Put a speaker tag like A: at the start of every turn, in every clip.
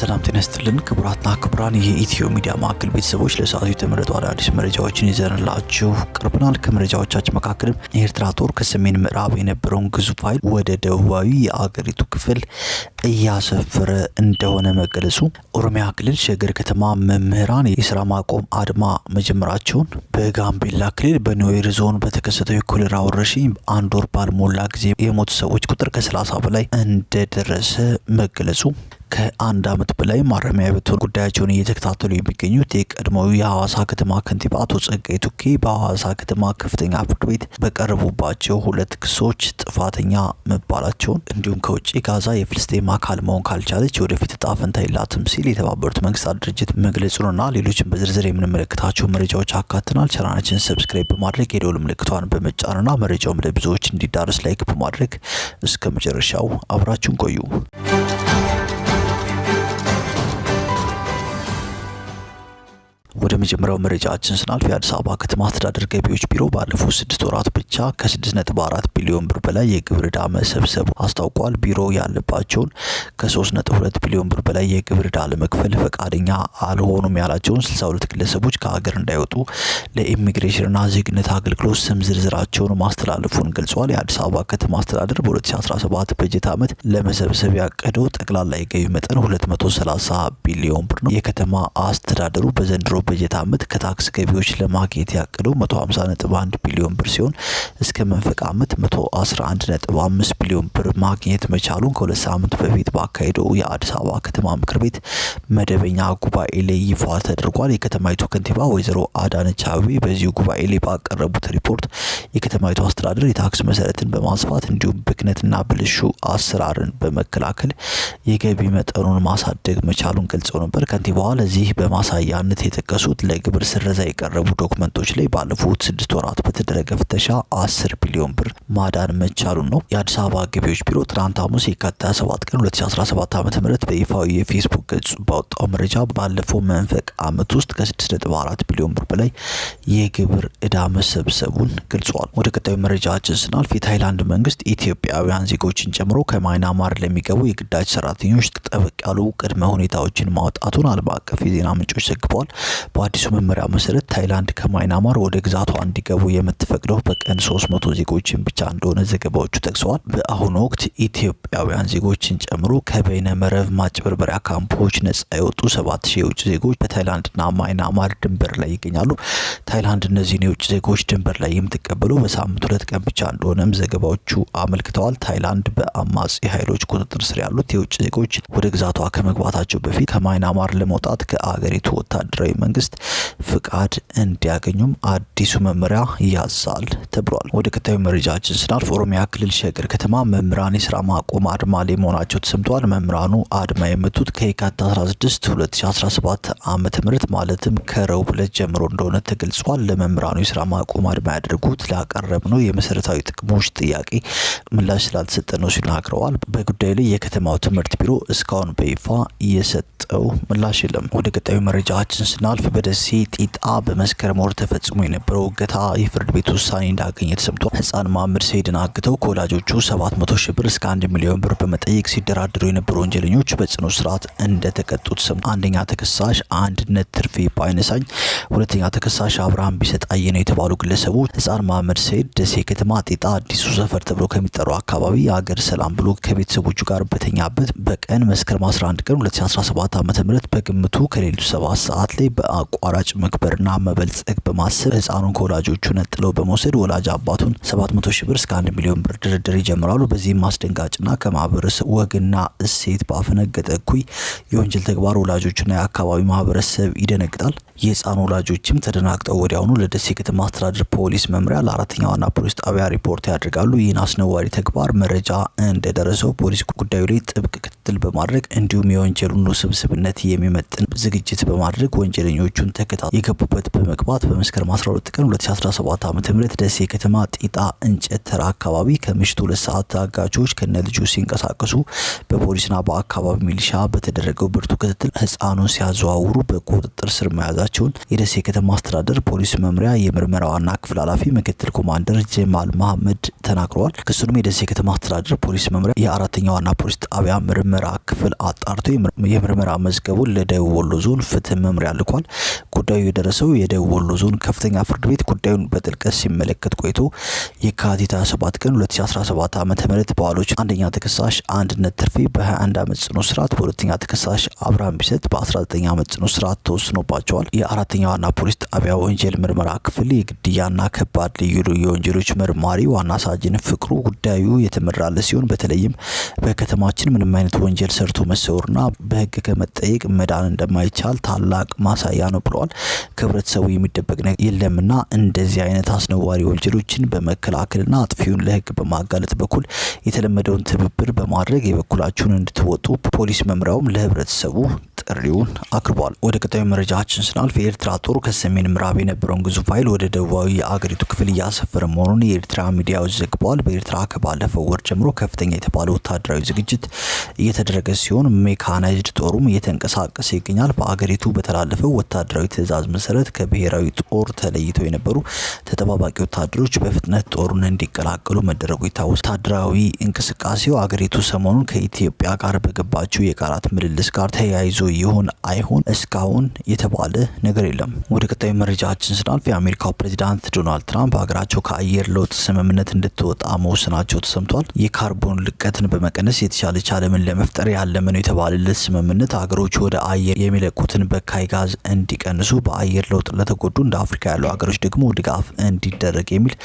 A: ሰላም ጤና ይስጥልን ክቡራትና ክቡራን የኢትዮ ሚዲያ ማዕከል ቤተሰቦች ለሰዓቱ የተመረጡ አዳዲስ መረጃዎችን ይዘንላችሁ ቀርበናል። ከመረጃዎቻችን መካከልም የኤርትራ ጦር ከሰሜን ምዕራብ የነበረውን ግዙፍ ኃይል ወደ ደቡባዊ የአገሪቱ ክፍል እያሰፈረ እንደሆነ መገለጹ፣ ኦሮሚያ ክልል ሸገር ከተማ መምህራን የስራ ማቆም አድማ መጀመራቸውን፣ በጋምቤላ ክልል በኒዌር ዞን በተከሰተው የኮሌራ ወረርሽኝ በአንድ ወር ባልሞላ ጊዜ የሞቱ ሰዎች ቁጥር ከ30 በላይ እንደደረሰ መገለጹ ከአንድ ዓመት በላይ ማረሚያ ቤቱን ጉዳያቸውን እየተከታተሉ የሚገኙት የቀድሞው የሐዋሳ ከተማ ከንቲባ አቶ ጸጋይ ቱኬ በሐዋሳ ከተማ ከፍተኛ ፍርድ ቤት በቀረቡባቸው ሁለት ክሶች ጥፋተኛ መባላቸውን እንዲሁም ከውጭ ጋዛ የፍልስጤም አካል መሆን ካልቻለች ወደፊት እጣ ፈንታ የላትም ሲል የተባበሩት መንግስታት ድርጅት መግለጹንና ሌሎችን በዝርዝር የምንመለከታቸው መረጃዎች አካትናል። ቻናላችንን ሰብስክራይብ በማድረግ የደወል ምልክቷን በመጫንና መረጃውም ለብዙዎች እንዲዳረስ ላይክ በማድረግ እስከ መጨረሻው አብራችሁን ቆዩ። ወደ መጀመሪያው መረጃችን ስናልፍ የአዲስ አበባ ከተማ አስተዳደር ገቢዎች ቢሮ ባለፉት ስድስት ወራት ብቻ ከ ነጥብ ቢሊዮን ብር በላይ የግብር ዕዳ መሰብሰቡ አስታውቋል። ቢሮ ያለባቸውን ከሶስት ነጥብ ሁለት ቢሊዮን ብር በላይ የግብር ዕዳ ለመክፈል ፈቃደኛ አልሆኑም ያላቸውን ስልሳ ሁለት ግለሰቦች ከሀገር እንዳይወጡ ለኢሚግሬሽንና ዜግነት አገልግሎት ስም ዝርዝራቸውን ማስተላለፉን ገልጿል። የአዲስ አበባ ከተማ አስተዳደር በ2017 በጀት ዓመት ለመሰብሰብ ያቀደው ጠቅላላ የገቢ መጠን 230 ቢሊዮን ብር ነው። የከተማ አስተዳደሩ በዘንድሮ በጀት በበጀት ዓመት ከታክስ ገቢዎች ለማግኘት ያቀደው 150.1 ቢሊዮን ብር ሲሆን እስከ መንፈቅ ዓመት 111.5 ቢሊዮን ብር ማግኘት መቻሉን ከሁለት ሳምንት በፊት ባካሄደው የአዲስ አበባ ከተማ ምክር ቤት መደበኛ ጉባኤ ላይ ይፋ ተደርጓል። የከተማይቱ ከንቲባ ወይዘሮ አዳነች አቤቤ በዚሁ ጉባኤ ላይ ባቀረቡት ሪፖርት የከተማይቱ አስተዳደር የታክስ መሰረትን በማስፋት እንዲሁም ብክነትና ብልሹ አሰራርን በመከላከል የገቢ መጠኑን ማሳደግ መቻሉን ገልጸው ነበር። ከንቲባዋ ለዚህ በማሳያነት የጠቀሱ በደረሱት ለግብር ስረዛ የቀረቡ ዶክመንቶች ላይ ባለፉት ስድስት ወራት በተደረገ ፍተሻ አስር ቢሊዮን ብር ማዳን መቻሉን ነው የአዲስ አበባ ገቢዎች ቢሮ ትናንት ሐሙስ የካቲት 7 ቀን 2017 ዓ ም በይፋዊ የፌስቡክ ገጹ ባወጣው መረጃ ባለፈው መንፈቅ ዓመት ውስጥ ከ6.4 ቢሊዮን ብር በላይ የግብር እዳ መሰብሰቡን ገልጿል። ወደ ቀጣዩ መረጃችን ስናልፍ የታይላንድ መንግስት ኢትዮጵያውያን ዜጎችን ጨምሮ ከማይናማር ለሚገቡ የግዳጅ ሰራተኞች ጠበቅ ያሉ ቅድመ ሁኔታዎችን ማውጣቱን ዓለም አቀፍ የዜና ምንጮች ዘግበዋል። በአዲሱ መመሪያ መሰረት ታይላንድ ከማይናማር ወደ ግዛቷ እንዲገቡ የምትፈቅደው በቀን 300 ዜጎችን ብቻ እንደሆነ ዘገባዎቹ ጠቅሰዋል። በአሁኑ ወቅት ኢትዮጵያውያን ዜጎችን ጨምሮ ከበይነ መረብ ማጭበርበሪያ ካምፖች ነጻ የወጡ 7000 የውጭ ዜጎች በታይላንድና ማይናማር ድንበር ላይ ይገኛሉ። ታይላንድ እነዚህን የውጭ ዜጎች ድንበር ላይ የምትቀበለው በሳምንት ሁለት ቀን ብቻ እንደሆነም ዘገባዎቹ አመልክተዋል። ታይላንድ በአማጺ ኃይሎች ቁጥጥር ስር ያሉት የውጭ ዜጎች ወደ ግዛቷ ከመግባታቸው በፊት ከማይናማር ለመውጣት ከአገሪቱ ወታደራዊ መንግስት መንግስት ፍቃድ እንዲያገኙም አዲሱ መመሪያ ያዛል ተብሏል። ወደ ቀጣዩ መረጃችን ስናልፍ ኦሮሚያ ክልል ሸገር ከተማ መምህራን የስራ ማቆም አድማ ላይ መሆናቸው ተሰምተዋል። መምህራኑ አድማ የመቱት ከየካቲት 16 2017 ዓ. ም ማለትም ከረቡዕ ዕለት ጀምሮ እንደሆነ ተገልጿል። ለመምህራኑ የስራ ማቆም አድማ ያደርጉት ነው የመሰረታዊ ጥቅሞች ጥያቄ ምላሽ ስላልተሰጠ ነው ሲናግረዋል። በጉዳዩ ላይ የከተማው ትምህርት ቢሮ እስካሁን በይፋ የሰጠ የምንሰጠው ምላሽ የለም። ወደ ቀጣዩ መረጃችን ስናልፍ በደሴ ጢጣ በመስከረም ወር ተፈጽሞ የነበረው እገታ የፍርድ ቤት ውሳኔ እንዳገኘ ተሰምቷል። ህፃን መሀመድ ሰይድን አግተው ከወላጆቹ 700 ሺህ ብር እስከ 1 ሚሊዮን ብር በመጠየቅ ሲደራደሩ የነበሩ ወንጀለኞች በጽኑ ስርዓት እንደተቀጡ ተሰምቷል። አንደኛ ተከሳሽ አንድነት ትርፌ ባይነሳኝ፣ ሁለተኛ ተከሳሽ አብርሃም ቢሰጣየ ነው የተባሉ ግለሰቦች ህፃን መሀመድ ሰይድ ደሴ ከተማ ጢጣ አዲሱ ሰፈር ተብሎ ከሚጠራው አካባቢ የሀገር ሰላም ብሎ ከቤተሰቦቹ ጋር በተኛበት በቀን መስከረም 11 ቀን 2017 ም በግምቱ ከሌሊቱ ሰባት ሰዓት ላይ በአቋራጭ መክበርና መበልጸግ በማሰብ ህፃኑን ከወላጆቹ ነጥለው በመውሰድ ወላጅ አባቱን 700 ሺህ ብር እስከ 1 ሚሊዮን ብር ድርድር ይጀምራሉ። በዚህም አስደንጋጭና ከማህበረሰብ ወግና እሴት ባፈነገጠ እኩይ የወንጀል ተግባር ወላጆችና የአካባቢው ማህበረሰብ ይደነግጣል። የህፃን ወላጆችም ተደናግጠው ወዲያውኑ ለደሴ ከተማ አስተዳደር ፖሊስ መምሪያ ለአራተኛ ዋና ፖሊስ ጣቢያ ሪፖርት ያደርጋሉ። ይህን አስነዋሪ ተግባር መረጃ እንደደረሰው ፖሊስ ጉዳዩ ላይ ጥብቅ ክትትል በማድረግ እንዲሁም የወንጀሉን ውስብስብነት የሚመጥን ዝግጅት በማድረግ ወንጀለኞቹን ተከታ የገቡበት በመግባት በመስከረም 12 ቀን 2017 ዓ ም ደሴ ከተማ ጢጣ እንጨት ተራ አካባቢ ከምሽቱ ሁለት ሰዓት ታጋቾች ልጁ ሲንቀሳቀሱ በፖሊስና በአካባቢ ሚሊሻ በተደረገው ብርቱ ክትትል ህፃኑን ሲያዘዋውሩ በቁጥጥር ስር መያዛቸው መሆናቸውን የደሴ ከተማ አስተዳደር ፖሊስ መምሪያ የምርመራ ዋና ክፍል ኃላፊ ምክትል ኮማንደር ጀማል መሀመድ ተናግረዋል። ክሱንም የደሴ ከተማ አስተዳደር ፖሊስ መምሪያ የአራተኛ ዋና ፖሊስ ጣቢያ ምርመራ ክፍል አጣርቶ የምርመራ መዝገቡን ለደቡብ ወሎ ዞን ፍትህ መምሪያ ልኳል። ጉዳዩ የደረሰው የደቡብ ወሎ ዞን ከፍተኛ ፍርድ ቤት ጉዳዩን በጥልቀት ሲመለከት ቆይቶ የካቲት 7 ቀን 2017 ዓ ም በዋሎች አንደኛ ተከሳሽ አንድነት ትርፌ በ21 ዓመት ጽኑ ስርዓት፣ በሁለተኛ ተከሳሽ አብርሃም ቢሰጥ በ19 ዓመት ጽኑ ስርዓት ተወስኖባቸዋል። የአራተኛ ዋና ፖሊስ ጣቢያ ወንጀል ምርመራ ክፍል የግድያና ከባድ ልዩ ልዩ ወንጀሎች መርማሪ ዋና ሳጅን ፍቅሩ ጉዳዩ የተመራለ ሲሆን በተለይም በከተማችን ምንም አይነት ወንጀል ሰርቶ መሰወርና በህግ ከመጠየቅ መዳን እንደማይቻል ታላቅ ማሳያ ነው ብለዋል። ከህብረተሰቡ የሚደበቅ የለምና እንደዚህ አይነት አስነዋሪ ወንጀሎችን በመከላከልና አጥፊውን ለህግ በማጋለጥ በኩል የተለመደውን ትብብር በማድረግ የበኩላችሁን እንድትወጡ ፖሊስ መምሪያውም ለህብረተሰቡ ጥሪውን አቅርቧል። ወደ ቀጣዩ መረጃችን ስናልፍ የኤርትራ ጦር ከሰሜን ምዕራብ የነበረውን ግዙፍ ኃይል ወደ ደቡባዊ የአገሪቱ ክፍል እያሰፈረ መሆኑን የኤርትራ ሚዲያዎች ዘግበዋል። በኤርትራ ከባለፈው ወር ጀምሮ ከፍተኛ የተባለ ወታደራዊ ዝግጅት እየተደረገ ሲሆን ሜካናይዝድ ጦሩም እየተንቀሳቀሰ ይገኛል። በአገሪቱ በተላለፈው ወታደራዊ ትዕዛዝ መሰረት ከብሔራዊ ጦር ተለይተው የነበሩ ተጠባባቂ ወታደሮች በፍጥነት ጦሩን እንዲቀላቀሉ መደረጉ ይታወሳል። ወታደራዊ እንቅስቃሴው አገሪቱ ሰሞኑን ከኢትዮጵያ ጋር በገባችው የቃላት ምልልስ ጋር ተያይዞ ይሁን አይሁን እስካሁን የተባለ ነገር የለም። ወደ ቀጣዩ መረጃችን ስናልፍ የአሜሪካው ፕሬዚዳንት ዶናልድ ትራምፕ ሀገራቸው ከአየር ለውጥ ስምምነት እንድትወጣ መወሰናቸው ተሰምቷል። የካርቦን ልቀትን በመቀነስ የተሻለች ዓለምን ለመፍጠር ያለመ ነው የተባለለት ስምምነት ሀገሮች ወደ አየር የሚለቁትን በካይ ጋዝ እንዲቀንሱ፣ በአየር ለውጥ ለተጎዱ እንደ አፍሪካ ያሉ ሀገሮች ደግሞ ድጋፍ እንዲደረግ የሚል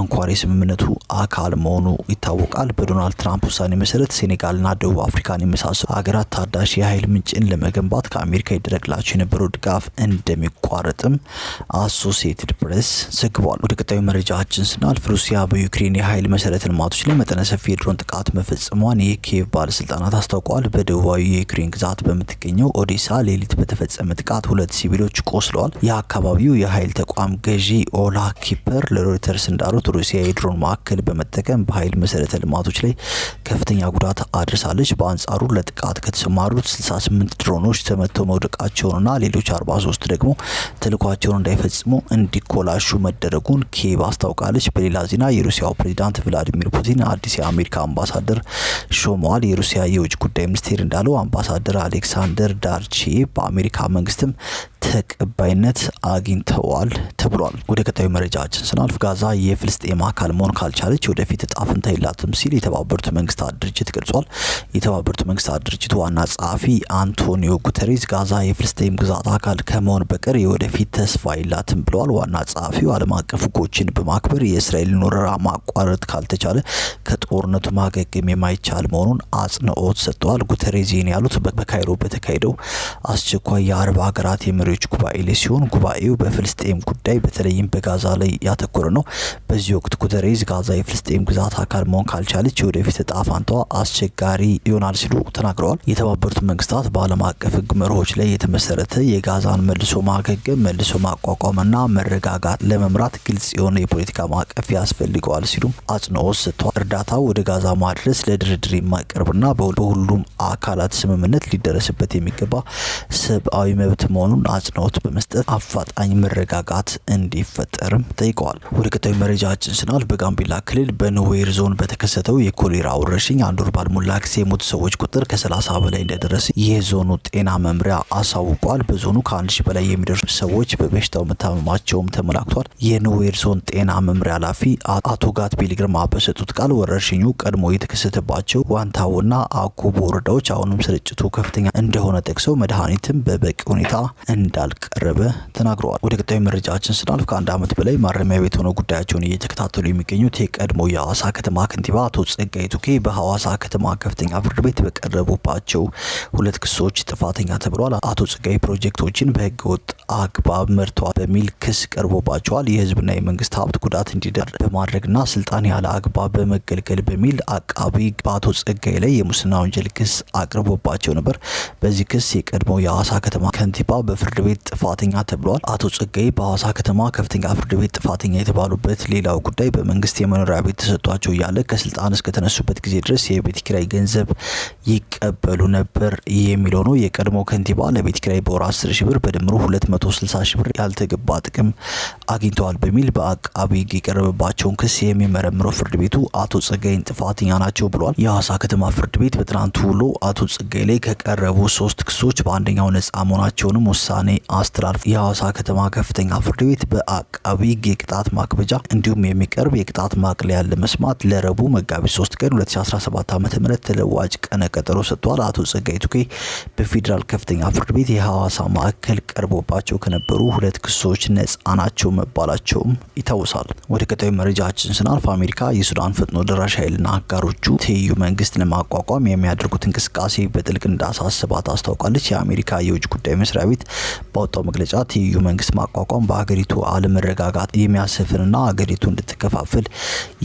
A: አንኳር የስምምነቱ አካል መሆኑ ይታወቃል። በዶናልድ ትራምፕ ውሳኔ መሰረት ሴኔጋልና ደቡብ አፍሪካን የመሳሰሉ ሀገራት ታዳሽ የኃይል ምንጭን ለመ ለመገንባት ከአሜሪካ ይደረግላቸው የነበረው ድጋፍ እንደሚቋረጥም አሶሲየትድ ፕሬስ ዘግቧል። ወደ ቀጣዩ መረጃችን ስናልፍ ሩሲያ በዩክሬን የኃይል መሰረተ ልማቶች ላይ መጠነ ሰፊ የድሮን ጥቃት መፈጸሟን የኪየቭ ባለስልጣናት አስታውቀዋል። በደቡባዊ የዩክሬን ግዛት በምትገኘው ኦዴሳ ሌሊት በተፈጸመ ጥቃት ሁለት ሲቪሎች ቆስለዋል። የአካባቢው የኃይል ተቋም ገዢ ኦላ ኪፐር ለሮይተርስ እንዳሉት ሩሲያ የድሮን ማዕከል በመጠቀም በኃይል መሰረተ ልማቶች ላይ ከፍተኛ ጉዳት አድርሳለች። በአንጻሩ ለጥቃት ከተሰማሩት 68 ድሮን ድሮኖች ተመተው መውደቃቸውንና ሌሎች 43 ደግሞ ተልኳቸውን እንዳይፈጽሙ እንዲኮላሹ መደረጉን ኪየቭ አስታውቃለች። በሌላ ዜና የሩሲያው ፕሬዚዳንት ቭላዲሚር ፑቲን አዲስ የአሜሪካ አምባሳደር ሾመዋል። የሩሲያ የውጭ ጉዳይ ሚኒስቴር እንዳለው አምባሳደር አሌክሳንደር ዳርቼ በአሜሪካ መንግስትም ተቀባይነት አግኝተዋል ተብሏል። ወደ ቀጣዩ መረጃችን ስናልፍ ጋዛ የፍልስጤም አካል መሆን ካልቻለች ወደፊት እጣ ፈንታ የላትም ሲል የተባበሩት መንግስታት ድርጅት ገልጿል። የተባበሩት መንግስታት ድርጅት ዋና ጸሐፊ አንቶኒዮ ጉተሬስ ጋዛ የፍልስጤም ግዛት አካል ከመሆን በቀር የወደፊት ተስፋ የላትም ብለዋል። ዋና ጸሐፊው ዓለም አቀፍ ሕጎችን በማክበር የእስራኤልን ወረራ ማቋረጥ ካልተቻለ ከጦርነቱ ማገገም የማይቻል መሆኑን አጽንኦት ሰጥተዋል። ጉተሬስ ይህን ያሉት በካይሮ በተካሄደው አስቸኳይ የአረብ ሀገራት የመሪ የመሪዎች ጉባኤ ላይ ሲሆን ጉባኤው በፍልስጤም ጉዳይ በተለይም በጋዛ ላይ ያተኮረ ነው። በዚህ ወቅት ጉተሬዝ ጋዛ የፍልስጤም ግዛት አካል መሆን ካልቻለች የወደፊት እጣ ፋንታዋ አስቸጋሪ ይሆናል ሲሉ ተናግረዋል። የተባበሩት መንግስታት በዓለም አቀፍ ህግ መርሆች ላይ የተመሰረተ የጋዛን መልሶ ማገገም፣ መልሶ ማቋቋምና መረጋጋት ለመምራት ግልጽ የሆነ የፖለቲካ ማዕቀፍ ያስፈልገዋል ሲሉም አጽንኦት ሰጥተዋል። እርዳታው ወደ ጋዛ ማድረስ ለድርድር የማይቀርብና በሁሉም አካላት ስምምነት ሊደረስበት የሚገባ ሰብአዊ መብት መሆኑን አጽንኦት በመስጠት አፋጣኝ መረጋጋት እንዲፈጠርም ጠይቀዋል። ወደ ቀጣዩ መረጃችን ስናል በጋምቤላ ክልል በኑዌር ዞን በተከሰተው የኮሌራ ወረርሽኝ አንድ ወር ባልሞላ ጊዜ የሞቱ ሰዎች ቁጥር ከ30 በላይ እንደደረሰ የዞኑ ጤና መምሪያ አሳውቋል። በዞኑ ከአንድ ሺህ በላይ የሚደርሱ ሰዎች በበሽታው መታመማቸውም ተመላክቷል። የኑዌር ዞን ጤና መምሪያ ኃላፊ አቶ ጋት ቢሊግርማ በሰጡት ቃል ወረርሽኙ ቀድሞ የተከሰተባቸው ዋንታውና አኩቦ ወረዳዎች አሁንም ስርጭቱ ከፍተኛ እንደሆነ ጠቅሰው መድኃኒትም በበቂ ሁኔታ እንዳልቀረበ ተናግረዋል። ወደ ቀጣዩ መረጃችን ስናልፍ ከአንድ ዓመት በላይ ማረሚያ ቤት ሆነው ጉዳያቸውን እየተከታተሉ የሚገኙት የቀድሞ የሐዋሳ ከተማ ከንቲባ አቶ ጸጋይ ቱኬ በሐዋሳ ከተማ ከፍተኛ ፍርድ ቤት በቀረቡባቸው ሁለት ክሶች ጥፋተኛ ተብሏል። አቶ ጸጋይ ፕሮጀክቶችን በህገ ወጥ አግባብ መርተዋል በሚል ክስ ቀርቦባቸዋል። የህዝብና የመንግስት ሀብት ጉዳት እንዲደር በማድረግና ስልጣን ያለ አግባብ በመገልገል በሚል አቃቢ በአቶ ጸጋይ ላይ የሙስና ወንጀል ክስ አቅርቦባቸው ነበር። በዚህ ክስ የቀድሞ የሐዋሳ ከተማ ከንቲባ በፍርድ ቤት ጥፋተኛ ተብሏል። አቶ ጸጋዬ በሐዋሳ ከተማ ከፍተኛ ፍርድ ቤት ጥፋተኛ የተባሉበት ሌላው ጉዳይ በመንግስት የመኖሪያ ቤት ተሰጥቷቸው እያለ ከስልጣን እስከተነሱበት ጊዜ ድረስ የቤት ኪራይ ገንዘብ ይቀበሉ ነበር የሚለው ነው። የቀድሞ ከንቲባ ለቤት ኪራይ በወር 10 ሺ ብር በድምሩ 260 ሺ ብር ያልተገባ ጥቅም አግኝተዋል በሚል በአቃቢ ሕግ የቀረበባቸውን ክስ የሚመረምረው ፍርድ ቤቱ አቶ ጸጋዬን ጥፋተኛ ናቸው ብሏል። የሐዋሳ ከተማ ፍርድ ቤት በትናንቱ ውሎ አቶ ጸጋዬ ላይ ከቀረቡ ሶስት ክሶች በአንደኛው ነጻ መሆናቸውንም ውሳኔ አስተላልፍ የሐዋሳ ከተማ ከፍተኛ ፍርድ ቤት በአቃቢ ሕግ የቅጣት ማክበጃ እንዲሁም የሚቀርብ የቅጣት ማቅለያ ለመስማት ለረቡ መጋቢት 3 ቀን 2017 ዓ ም ተለዋጭ ቀነ ቀጠሮ ሰጥቷል። አቶ ጸጋይ ቱኬ በፌዴራል ከፍተኛ ፍርድ ቤት የሐዋሳ ማዕከል ቀርቦባቸው ከነበሩ ሁለት ክሶች ነጻ ናቸው መባላቸውም ይታወሳል። ወደ ቀጣዩ መረጃችን ስናልፍ አሜሪካ የሱዳን ፈጥኖ ደራሽ ኃይልና አጋሮቹ ትይዩ መንግስት ለማቋቋም የሚያደርጉት እንቅስቃሴ በጥልቅ እንዳሳስባት አስታውቃለች። የአሜሪካ የውጭ ጉዳይ መስሪያ ቤት ባወጣው መግለጫ ትይዩ መንግስት ማቋቋም በሀገሪቱ አለመረጋጋት የሚያሰፍንና ሀገሪቱ እንድትከፋፍል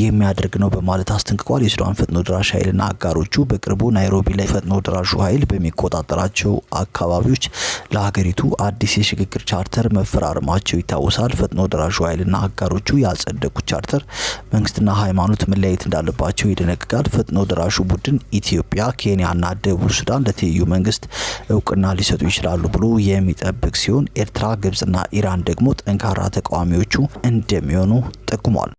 A: የሚያደርግ ነው በማለት አስጠንቅቋል። የሱዳን ፈጥኖ ድራሽ ኃይልና አጋሮቹ በቅርቡ ናይሮቢ ላይ ፈጥኖ ድራሹ ኃይል በሚቆጣጠራቸው አካባቢዎች ለሀገሪቱ አዲስ የሽግግር ቻርተር መፈራረማቸው ይታወሳል። ፈጥኖ ድራሹ ኃይልና አጋሮቹ ያጸደቁት ቻርተር መንግስትና ሃይማኖት መለያየት እንዳለባቸው ይደነግጋል። ፈጥኖ ድራሹ ቡድን ኢትዮጵያ፣ ኬንያና ደቡብ ሱዳን ለትይዩ መንግስት እውቅና ሊሰጡ ይችላሉ ብሎ የሚጠ የሚጠበቅ ሲሆን ኤርትራ፣ ግብጽና ኢራን ደግሞ ጠንካራ ተቃዋሚዎቹ እንደሚሆኑ ጠቁሟል።